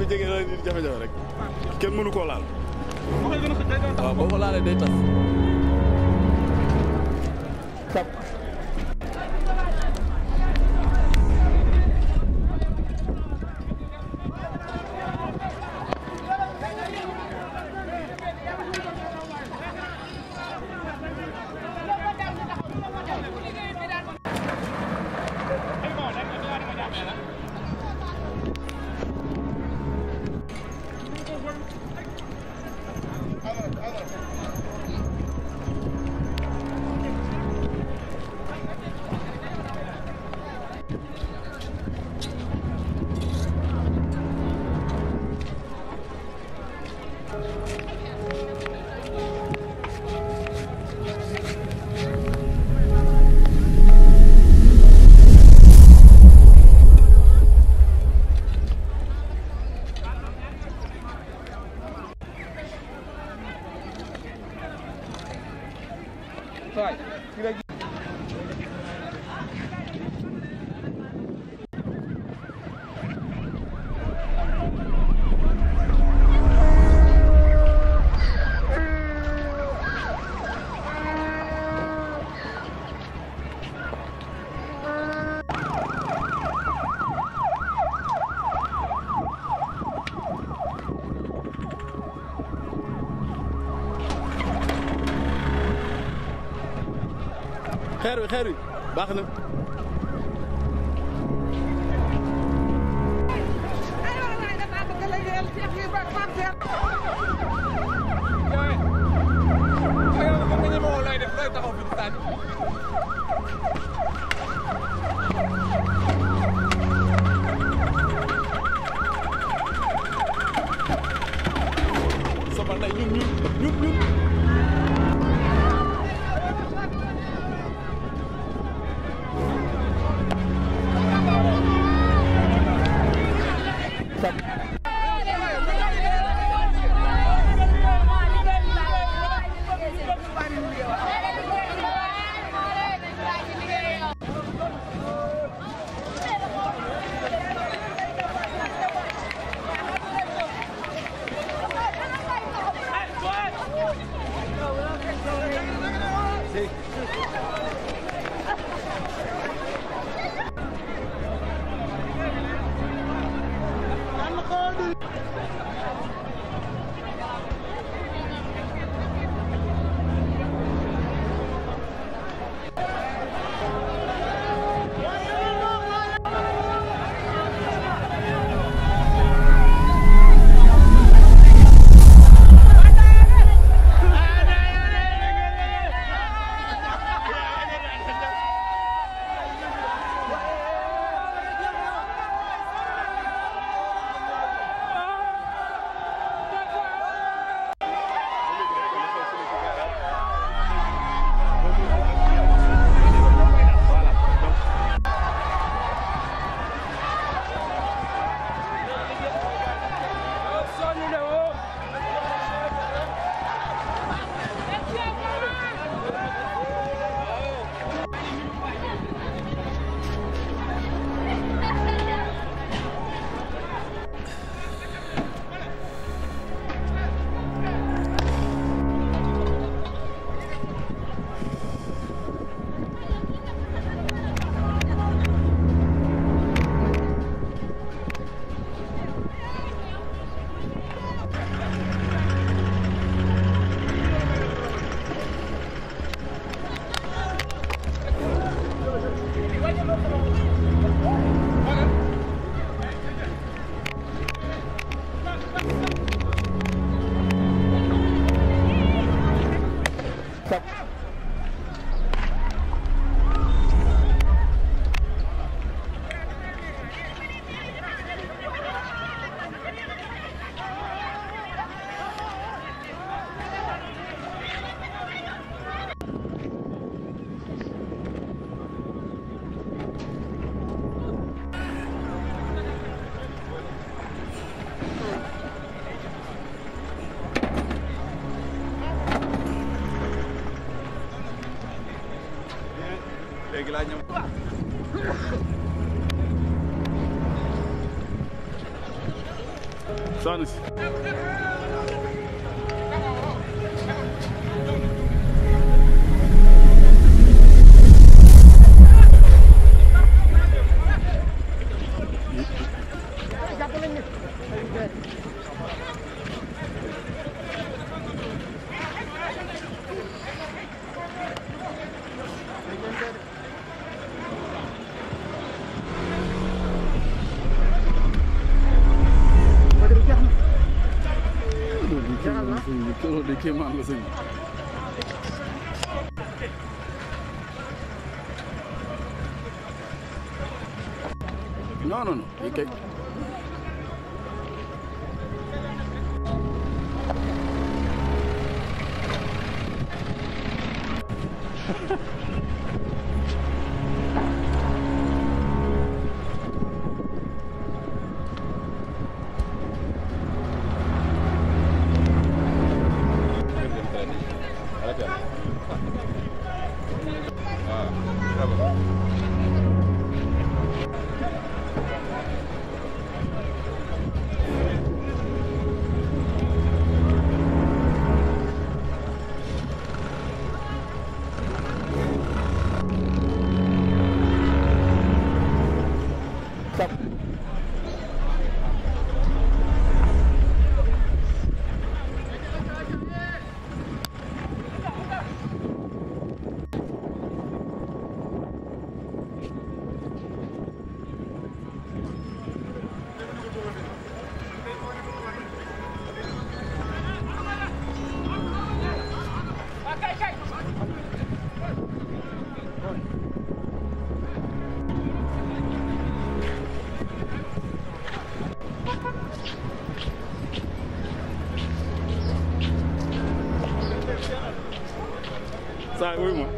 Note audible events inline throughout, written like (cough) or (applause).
ko jege dana di jafe-jafe rek kenn mënu koo laal. waaw boo ko laalee day tas. xeer wi xeer wi baax na. Sanis. kéemaan la sëñ non non non lii (laughs) kay saa wuy ma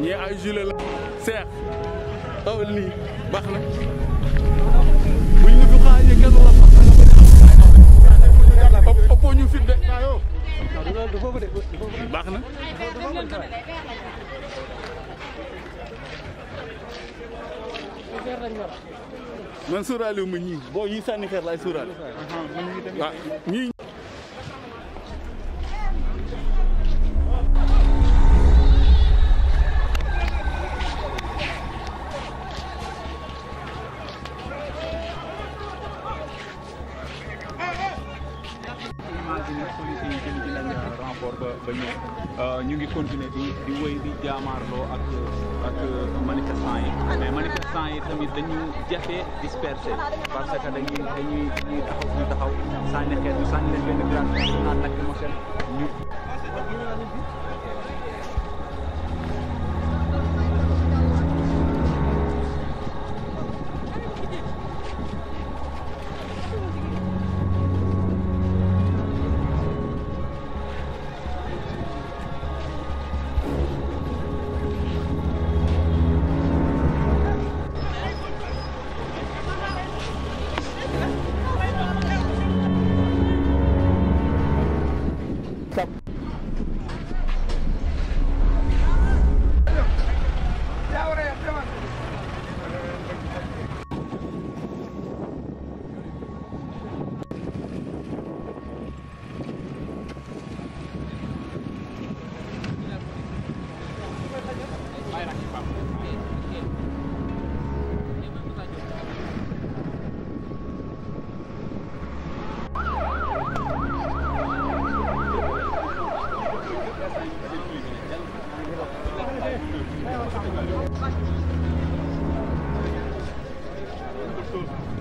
ñii ay jule la seex awal nii baax na buñ ñu fi xaajee kenn wax baax na man sóoraale wu boo ñii sànni xeer laay sóoraale ah, ñii jàmmarloo ak ak manifestants yi mais manifestants yi tamit dañu jafe dispersé parce que dañuy dañuy ñuy taxaw ñu taxaw sànni xeet ñu sànni leen benn grade naan nag mo seen ñu